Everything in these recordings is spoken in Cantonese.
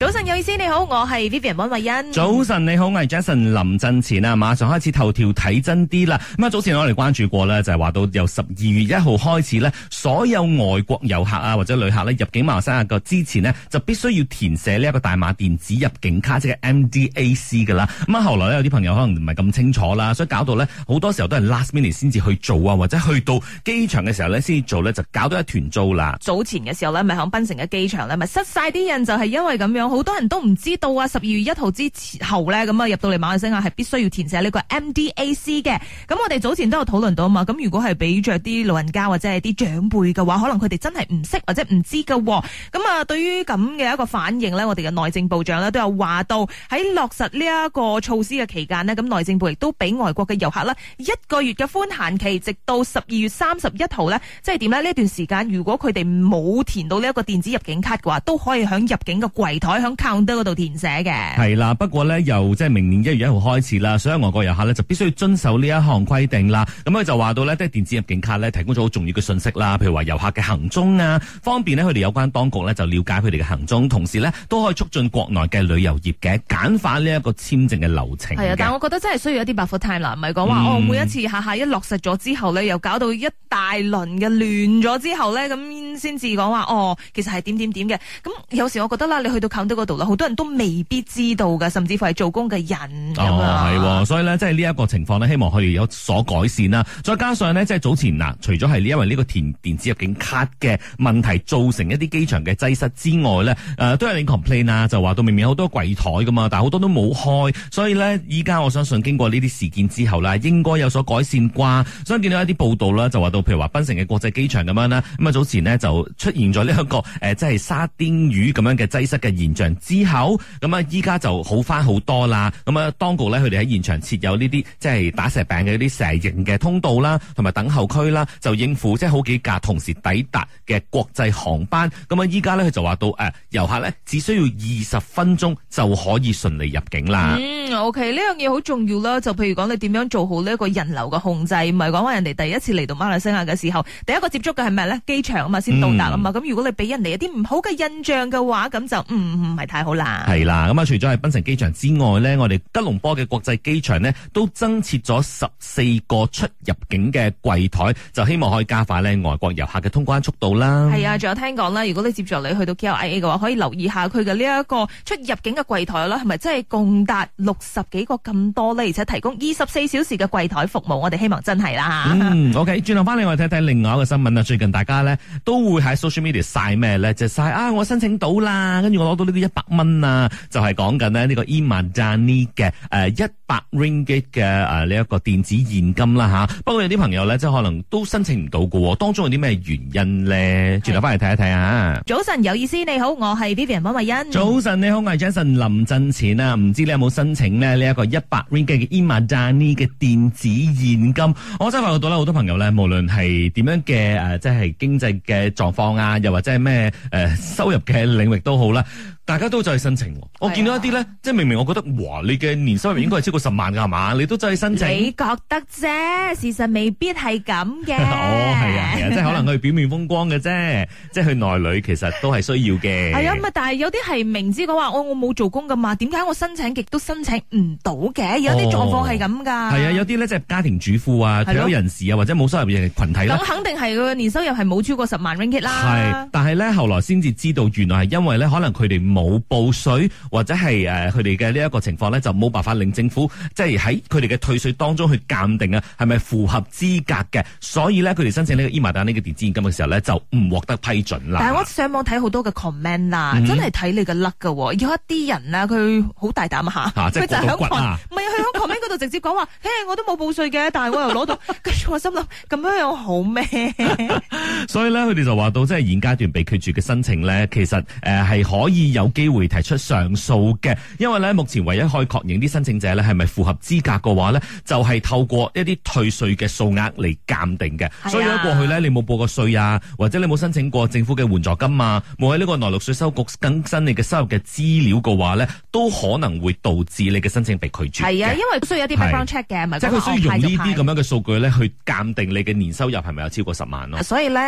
早晨，有意思，你好，我係 Vivian 溫慧欣。早晨，你好，我係 Jason 林振前啊，馬上開始頭條睇真啲啦。咁啊，早前我哋關注過呢，就係話到由十二月一號開始呢，所有外國遊客啊或者旅客呢入境馬來西亞啊個之前呢，就必須要填寫呢一個大馬電子入境卡，即係 MDAC 噶啦。咁啊，後來呢，有啲朋友可能唔係咁清楚啦，所以搞到呢，好多時候都係 last minute 先至去做啊，或者去到機場嘅時候呢，先至做呢，就搞到一團糟啦。早前嘅時候呢，咪響檳城嘅機場呢，咪塞晒啲人，就係因為咁樣。好多人都唔知道啊！十二月一號之後咧，咁啊入到嚟馬來西亞係必須要填寫呢個 MDAC 嘅。咁我哋早前都有討論到啊嘛。咁如果係俾着啲老人家或者係啲長輩嘅話，可能佢哋真係唔識或者唔知噶。咁啊，對於咁嘅一個反應咧，我哋嘅內政部長咧都有話到喺落實呢一個措施嘅期間咧，咁內政部亦都俾外國嘅遊客啦一個月嘅寬限期，直到十二月三十一號咧，即係點咧？呢一段時間如果佢哋冇填到呢一個電子入境卡嘅話，都可以響入境嘅櫃台。響靠島嗰度填寫嘅係啦，不過咧，由即係明年一月一號開始啦，所有外國遊客咧就必須要遵守呢一項規定啦。咁佢就話到咧，即係電子入境卡咧提供咗好重要嘅信息啦，譬如話遊客嘅行蹤啊，方便呢佢哋有關當局咧就了解佢哋嘅行蹤，同時咧都可以促進國內嘅旅遊業嘅，簡化呢一個簽證嘅流程。係啊，但係我覺得真係需要一啲 buffer time 啦，唔係講話哦，每一次下下一落實咗之後咧，又搞到一大輪嘅亂咗之後咧，咁。先至講話哦，其實係點點點嘅。咁有時我覺得啦，你去到坑到嗰度啦，好多人都未必知道㗎，甚至乎係做工嘅人咁係喎。哦、吧所以呢，即係呢一個情況呢，希望可以有所改善啦。嗯、再加上呢，即係早前嗱，除咗係因為呢個填電子入境卡嘅問題造成一啲機場嘅擠塞之外呢，誒、呃、都係你 complain 啦，就話到明明好多櫃枱㗎嘛，但係好多都冇開。所以呢，依家我相信經過呢啲事件之後啦，應該有所改善啩。所以見到一啲報道啦，就話到譬如話，檳城嘅國際機場咁樣啦，咁啊早前咧就，就出現咗呢一個誒，即、呃、係沙丁魚咁樣嘅擠塞嘅現象之後，咁啊依家就好翻好多啦。咁啊，當局咧佢哋喺現場設有呢啲即係打蛇餅嘅嗰啲蛇形嘅通道啦，同埋等候區啦，就應付即係好幾架同時抵達嘅國際航班。咁啊依家咧佢就話到誒、呃，遊客咧只需要二十分鐘就可以順利入境啦。嗯，OK，呢樣嘢好重要啦。就譬如講你點樣做好呢一個人流嘅控制，唔係講話人哋第一次嚟到馬來西亞嘅時候，第一個接觸嘅係咩咧？機場啊嘛先。到達啊嘛，咁、嗯、如果你俾人哋一啲唔好嘅印象嘅話，咁就唔唔係太好啦。係啦，咁啊除咗係檳城機場之外咧，我哋吉隆坡嘅國際機場咧都增設咗十四個出入境嘅櫃台，就希望可以加快咧外國遊客嘅通關速度啦。係啊，仲有聽講啦，如果你接住嚟去到 KLIA 嘅話，可以留意下佢嘅呢一個出入境嘅櫃台啦，係咪真係共達六十幾個咁多咧？而且提供二十四小時嘅櫃台服務，我哋希望真係啦吓。嗯，OK，轉頭翻嚟我哋睇睇另外一個新聞啊，最近大家咧都。會喺 social media 晒咩咧？就晒、是、啊！我申請到啦，跟住我攞到呢個一百蚊啊！就係講緊咧呢個 eMadani 嘅誒一百 Ringgit 嘅誒呢一個電子現金啦吓。不過有啲朋友咧，即係可能都申請唔到嘅，當中有啲咩原因咧？轉頭翻嚟睇一睇啊！是早晨有意思，你好，我係 Vivian 温慧欣。早晨你好，我係 Jason 林振錢啊！唔知你有冇申請咧呢一、這個一百 Ringgit 嘅 eMadani 嘅電子現金？我真係發覺到咧，好多朋友咧，無論係點樣嘅誒、呃，即係經濟嘅。狀況啊，又或者係咩誒收入嘅領域都好啦，大家都再去申請。我見到一啲咧，啊、即係明明我覺得，哇，你嘅年收入應該係超過十萬噶係嘛？你都再去申請。你覺得啫，事實未必係咁嘅。 哦，係啊，係啊，係啊 即係可能佢表面風光嘅啫， 即係去內裏其實都係需要嘅。係啊，啊，但係有啲係明知講話我我冇做工噶嘛，點解我申請極都申請唔到嘅？有啲狀況係咁噶。係、哦、啊，有啲咧即係家庭主婦啊、退休、啊、人士啊，或者冇收入嘅群體。咁肯定係個年收入係冇超過十萬。係，但係咧後來先至知道，原來係因為咧可能佢哋冇報稅或者係誒佢哋嘅呢一個情況咧就冇辦法令政府即係喺佢哋嘅退稅當中去鑑定啊係咪符合資格嘅，所以咧佢哋申請呢個伊瑪丹呢個電子現金嘅時候咧就唔獲得批准啦。但係我上網睇好多嘅 comment 啦，真係睇你嘅 luck 噶，有一啲人啦佢好大膽吓，佢就喺 comment 唔係佢喺 comment 嗰度直接講話，誒我都冇報稅嘅，但係我又攞到，跟住我心諗咁樣樣好咩？所以咧佢哋。就話到，即係現階段被拒絕嘅申請呢，其實誒係可以有機會提出上訴嘅，因為咧目前唯一可以確認啲申請者咧係咪符合資格嘅話呢就係透過一啲退稅嘅數額嚟鑑定嘅。所以喺過去呢，你冇報過稅啊，或者你冇申請過政府嘅援助金啊，冇喺呢個內陸稅收局更新你嘅收入嘅資料嘅話呢都可能會導致你嘅申請被拒絕。係啊，因為需要一啲 background check 嘅，即係佢需要用呢啲咁樣嘅數據呢去鑑定你嘅年收入係咪有超過十萬咯。所以呢。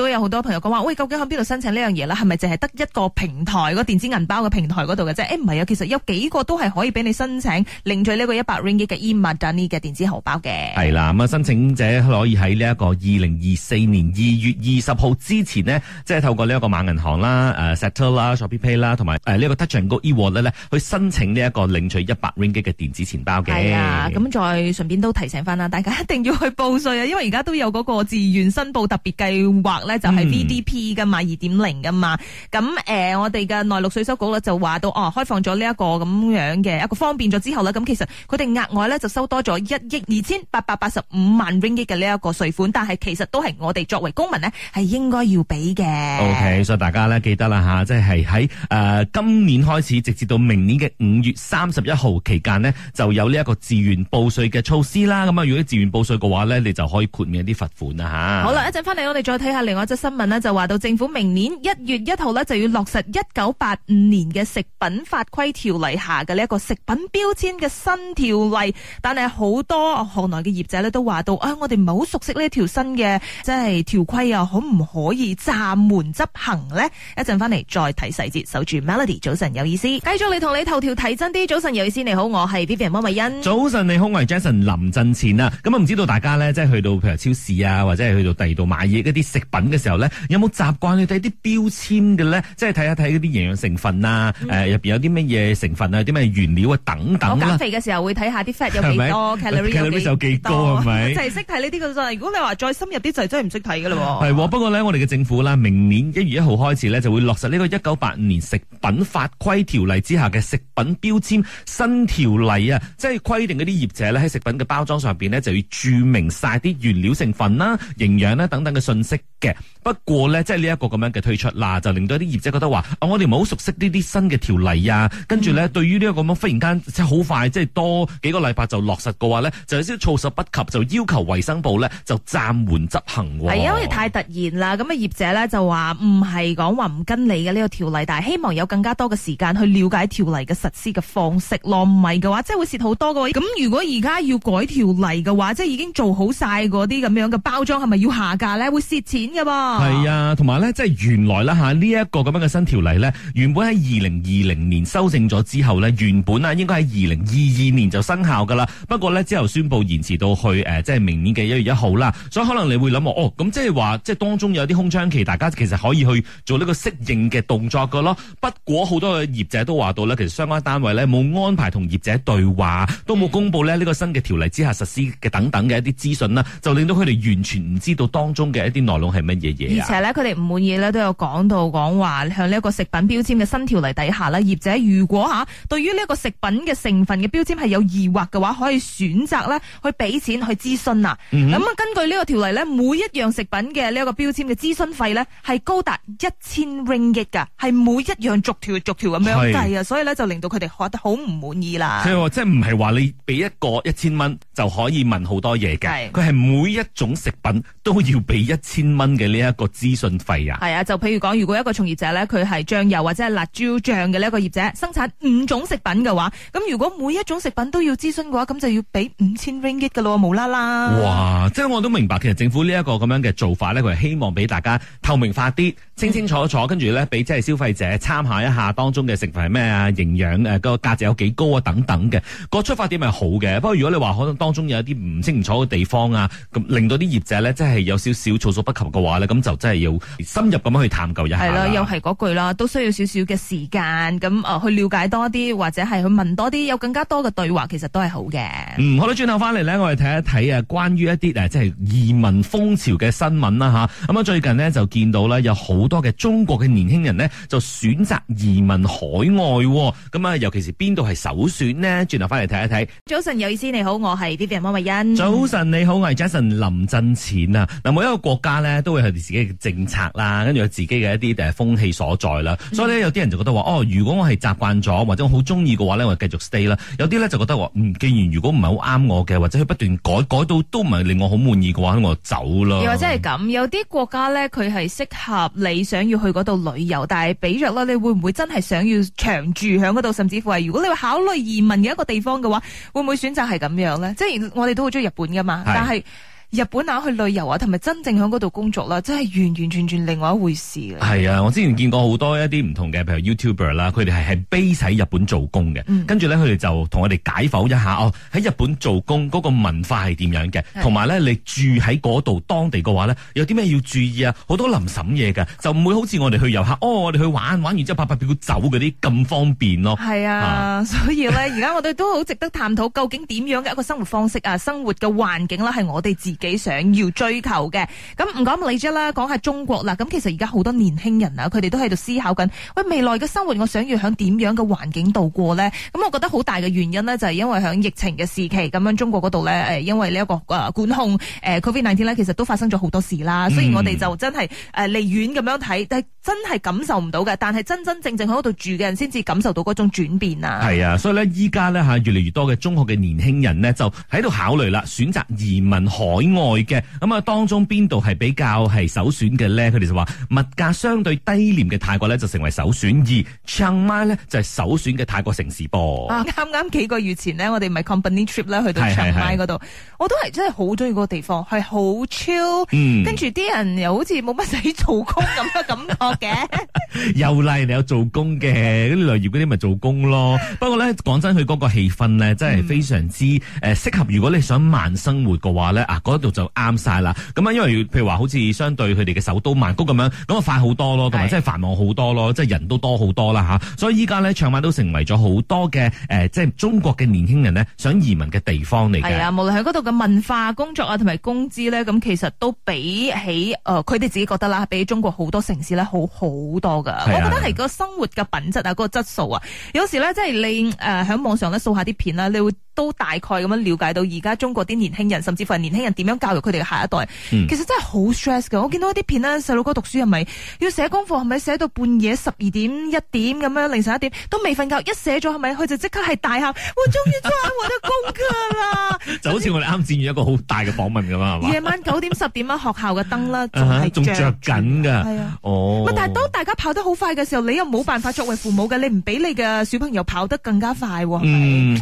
我都有好多朋友講話，喂，究竟喺邊度申請呢樣嘢？咧係咪淨係得一個平台個電子銀包嘅平台嗰度嘅啫？誒、欸，唔係啊，其實有幾個都係可以俾你申請領取呢個一百 ringgit 嘅 e Madani 嘅電子荷包嘅。係啦，咁、嗯、啊，申請者可以喺呢一個二零二四年二月二十號之前呢，即係透過呢一個馬銀行啦、誒、呃、Setel 啦、Shopee Pay 啦，同埋呢個 Touch 'n Go eWallet 去申請呢一個領取一百 ringgit 嘅電子錢包嘅。啊，咁再順便都提醒翻啦，大家一定要去報稅啊，因為而家都有嗰個自願申報特別計劃。嗯、就係 VDP 噶嘛，二點零噶嘛，咁誒、呃，我哋嘅內陸稅收局咧就話到，哦，開放咗呢一個咁樣嘅一個方便咗之後呢。咁其實佢哋額外咧就收多咗一億二千八百八十五萬 Ringgit 嘅呢一個稅款，但係其實都係我哋作為公民呢，係應該要俾嘅。O、okay, K，所以大家呢，記得啦吓、啊，即係喺誒今年開始，直至到明年嘅五月三十一號期間呢，就有呢一個自願報稅嘅措施啦。咁啊，如果自願報稅嘅話呢，你就可以豁免一啲罰款啊吓。好啦，一陣翻嚟我哋再睇下另外。嗰則新聞呢，就話到政府明年一月一號呢，就要落實一九八五年嘅食品法規條例下嘅呢一個食品標籤嘅新條例，但係好多行內嘅業者呢，都話到啊，我哋唔係好熟悉呢一條新嘅即係條規啊，可唔可以暫緩執行呢？一陣翻嚟再睇細節，守住 Melody 早晨有意思，繼續你同你頭條睇真啲，早晨有意思，你好，我係 Vivian 溫慧欣，早晨你好，我係 Jason 林振前啊，咁啊唔知道大家呢，即係去到譬如超市啊，或者係去到第二度買嘢嗰啲食品。嘅時候咧，有冇習慣去睇啲標籤嘅咧？即係睇下睇啲營養成分啊，誒、嗯，入邊、呃、有啲乜嘢成分啊，有啲咩原料啊等等啦、啊。減肥嘅時候會睇下啲 fat 有幾多，calorie 有幾多，多，係咪？是是 就係識睇呢啲嘅啫。如果你話再深入啲，就係、真係唔識睇嘅啦。係喎，不過咧，我哋嘅政府啦，明年一月一號開始咧，就會落實呢個一九八五年食品法規條例之下嘅食品標籤新條例啊，即係規定嗰啲業者咧，喺食品嘅包裝上邊咧，就要注明晒啲原料成分啦、啊、營養啦等等嘅信息嘅。不過咧，即係呢一個咁樣嘅推出，嗱就令到啲業者覺得話，啊我哋唔係好熟悉呢啲新嘅條例啊，跟住咧，嗯、對於呢一個咁樣忽然間即係好快，即係多幾個禮拜就落實嘅話咧，就有啲措手不及，就要求衛生部咧就暫緩執行、啊。係啊，因為太突然啦，咁啊業者咧就話唔係講話唔跟你嘅呢個條例，但係希望有更加多嘅時間去了解條例嘅實施嘅方式咯。唔係嘅話，即係會蝕好多嘅。咁如果而家要改條例嘅話，即係已經做好晒嗰啲咁樣嘅包裝，係咪要下架咧？會蝕錢嘅。.係啊，同埋呢，即係原來啦吓呢一個咁樣嘅新條例呢，原本喺二零二零年修正咗之後呢，原本啦應該喺二零二二年就生效噶啦。不過呢，之後宣布延遲到去誒，即係明年嘅一月一號啦。所以可能你會諗我哦，咁即係話即係當中有啲空窗期，大家其實可以去做呢個適應嘅動作噶咯。不過好多業者都話到呢，其實相關單位呢，冇安排同業者對話，都冇公布呢，呢個新嘅條例之下實施嘅等等嘅一啲資訊啦，就令到佢哋完全唔知道當中嘅一啲內容係咩。啊、而且咧，佢哋唔滿意咧，都有講到講話向呢一個食品標籤嘅新條例底下咧，業者如果吓對於呢一個食品嘅成分嘅標籤係有疑惑嘅話，可以選擇咧去俾錢去諮詢啊。咁啊、嗯，根據呢個條例咧，每一樣食品嘅呢一個標籤嘅諮詢費咧，係高達一千 ringgit 噶，係每一樣逐條逐條咁樣計啊，是所以咧就令到佢哋覺得好唔滿意啦。即係話，即係唔係話你俾一個一千蚊就可以問好多嘢嘅，佢係是每一種食品都要俾一千蚊。嘅呢一個資訊費啊，係啊，就譬如講，如果一個從業者咧，佢係醬油或者係辣椒醬嘅呢一個業者生產五種食品嘅話，咁如果每一種食品都要諮詢嘅話，咁就要俾五千 ringgit 噶咯，無啦啦。哇！即係我都明白，其實政府呢一個咁樣嘅做法咧，佢係希望俾大家透明化啲，清清楚楚，跟住咧俾即係消費者參考一下當中嘅食品係咩啊，營養誒個價值有幾高啊等等嘅個出發點係好嘅。不過如果你話可能當中有一啲唔清唔楚嘅地方啊，咁令到啲業者咧即係有少少措手不及嘅話，話咁就真係要深入咁樣去探究一下啦。係又係嗰句啦，都需要少少嘅時間，咁啊、呃、去了解多啲，或者係去問多啲，有更加多嘅對話，其實都係好嘅。嗯，好啦，轉頭翻嚟咧，我哋睇一睇啊，關於一啲誒，即係移民風潮嘅新聞啦，吓、啊。咁、嗯、啊，最近呢，就見到咧有好多嘅中國嘅年輕人呢，就選擇移民海外。咁啊、嗯，尤其是邊度係首選呢？轉頭翻嚟睇一睇。早晨，有意思，你好，我係 D B M 安欣。早晨，你好，我係 Jason 林振前啊。嗱，每一個國家咧都會。佢哋自己嘅政策啦，跟住有自己嘅一啲定係風氣所在啦，所以咧有啲人就覺得話哦，如果我係習慣咗或者我好中意嘅話咧，我繼續 stay 啦；有啲咧就覺得話嗯，既然如果唔係好啱我嘅，或者佢不斷改改到都唔係令我好滿意嘅話咧，我就走咯。又或者係咁，有啲國家咧，佢係適合你想要去嗰度旅遊，但係比着咧，你會唔會真係想要長住響嗰度，甚至乎係如果你話考慮移民嘅一個地方嘅話，會唔會選擇係咁樣咧？即係我哋都好中意日本噶嘛，是但係。日本嗱、啊、去旅遊啊，同埋真正響嗰度工作啦、啊，真係完完全全另外一回事。係啊，我之前見過好多一啲唔同嘅，譬如 YouTuber 啦、啊，佢哋係喺 base 喺日本做工嘅。嗯、跟住咧，佢哋就同我哋解剖一下哦，喺日本做工嗰個文化係點樣嘅，同埋咧你住喺嗰度當地嘅話咧，有啲咩要注意啊？好多臨審嘢嘅，就唔會好似我哋去遊客哦，我哋去玩玩完之後拍拍表走嗰啲咁方便咯。係啊，啊啊所以咧，而家我哋都好值得探討，究竟點樣嘅一個生活方式啊，生活嘅環境啦、啊，係我哋自。幾想要追求嘅，咁唔講美籍啦，講下中國啦。咁其實而家好多年輕人啊，佢哋都喺度思考緊喂未來嘅生活，我想要響點樣嘅環境度過咧？咁我覺得好大嘅原因咧，就係因為響疫情嘅時期，咁樣中國嗰度咧，誒因為呢一個誒管控，誒 COVID nineteen 咧，其實都發生咗好多事啦。所以我哋就真係誒離遠咁樣睇，但係真係感受唔到嘅，但係真真正正喺嗰度住嘅人，先至感受到嗰種轉變啊。係啊，所以咧，依家咧嚇越嚟越多嘅中學嘅年輕人咧，就喺度考慮啦，選擇移民海外嘅咁啊，當中邊度係比較係首選嘅咧？佢哋就話物價相對低廉嘅泰國咧就成為首選。而清邁咧就係首選嘅泰國城市噃。啊，啱啱幾個月前咧，我哋咪 company trip 咧去到清邁嗰度，是是是我都係真係好中意嗰個地方，係好 chill，嗯、跟住啲人又好似冇乜使做工咁嘅感覺嘅。 又賴你有做工嘅，嗰啲旅遊嗰啲咪做工咯。工 不過咧講真，佢嗰個氣氛咧真係非常之誒、嗯呃、適合。如果你想慢生活嘅話咧啊，度就啱晒啦，咁啊，因為譬如話，好似相對佢哋嘅首都曼谷咁樣，咁啊快好多咯，同埋即係繁忙好多咯，即係人都多好多啦吓，所以依家咧，長晚都成為咗好多嘅誒，即係中國嘅年輕人咧，想移民嘅地方嚟嘅。係啊，無論喺嗰度嘅文化、工作啊，同埋工資咧，咁其實都比起誒佢哋自己覺得啦，比起中國好多城市咧，好好多噶。我覺得係個生活嘅品質啊，嗰、那個質素啊，有時咧即係你誒喺網上咧掃下啲片啦，你會都大概咁樣了解到而家中國啲年輕人，甚至乎係年輕人點樣教育佢哋嘅下一代，其實真係好 stress 嘅。我見到一啲片呢，細路哥讀書係咪要寫功課？係咪寫到半夜十二點、一點咁樣凌晨一點都未瞓覺，一寫咗係咪佢就即刻係大喊： 我終於再攞到功課啦！ 就好似我哋啱先展一個好大嘅訪問咁啊，係嘛？夜晚九點、十點啊，學校嘅燈咧仲着仲著緊㗎。啊，但係當大家跑得好快嘅時候，你又冇辦法作為父母嘅，你唔俾你嘅小朋友跑得更加快喎。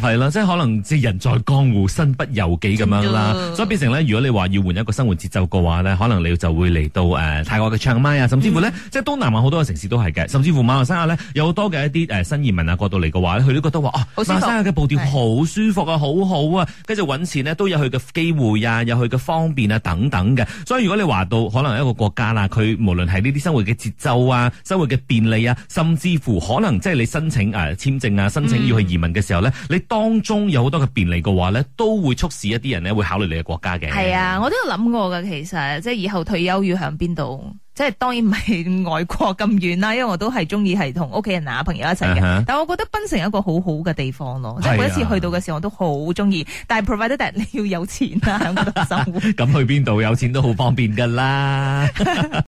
係啦、嗯，即係可能。即係人在江湖身不由己咁樣啦，所以變成咧，如果你話要換一個生活節奏嘅話咧，可能你就會嚟到誒、呃、泰國嘅清邁啊，甚至乎呢，嗯、即係東南亞好多嘅城市都係嘅，甚至乎馬來西亞呢，有好多嘅一啲誒、呃、新移民啊過度嚟嘅話佢都覺得話啊馬來西亞嘅步調好舒服啊，好舒服好好啊，跟住揾錢咧都有佢嘅機會啊，有佢嘅方便啊等等嘅。所以如果你話到可能一個國家啦，佢無論係呢啲生活嘅節奏啊、生活嘅便利啊，甚至乎可能即係你申請誒、呃、簽證啊、申請要去移民嘅時候呢，嗯、你當中有好多。便利嘅話咧，都會促使一啲人咧會考慮你嘅國家嘅。係啊，我都有諗過噶，其實即係以後退休要喺邊度，即係當然唔係外國咁遠啦。因為我都係中意係同屋企人啊朋友一齊嘅。Uh huh. 但係我覺得檳城一個很好好嘅地方咯，啊、即係每一次去到嘅時候，我都好中意。但係 provided that 你要有錢啦喺度生活。咁 去邊度有錢都好方便噶啦。